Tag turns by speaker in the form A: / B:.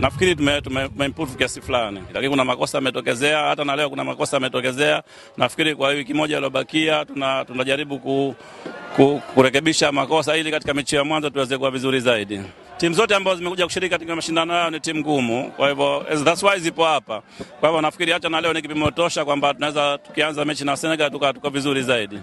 A: Nafikiri tumeimprove kiasi fulani, lakini kuna makosa yametokezea. Hata na leo kuna makosa yametokezea. Nafikiri kwa wiki moja iliyobakia tunajaribu ku, ku, kurekebisha makosa ili katika mechi ya mwanzo tuweze kuwa vizuri zaidi. Timu zote ambazo zimekuja kushiriki katika mashindano hayo ni timu ngumu, kwa hivyo that's why zipo hapa. Kwa hivyo nafikiri hata na leo ni kipimo tosha kwamba tunaweza tukianza mechi na Senegal tuka, tuka vizuri zaidi.